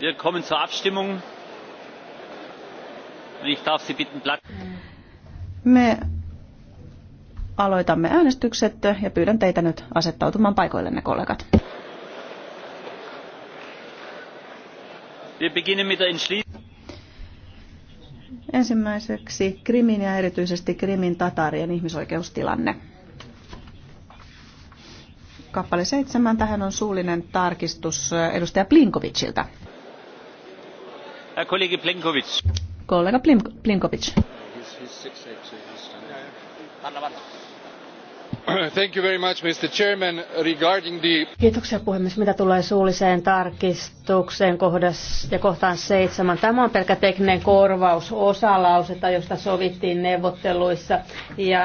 Wir kommen zur Abstimmung. Ich darf Sie bitten, Platz. Me aloitamme äänestykset ja pyydän teitä nyt asettautumaan paikoillenne kollegat. Wir beginnen mit der Entschließung. Ensimmäiseksi Krimin ja erityisesti Krimin tatarien ihmisoikeustilanne. Kappale seitsemän, tähän on suullinen tarkistus edustaja Plinkovicilta. Kollega Plenković. Kollega Thank you very much, Mr. Chairman. Regarding the... puhemies. Mitä tulee suulliseen tarkistukseen ja kohtaan seitsemän? Tämä on pelkä tekninen korvaus osalausetta, josta sovittiin neuvotteluissa. Ja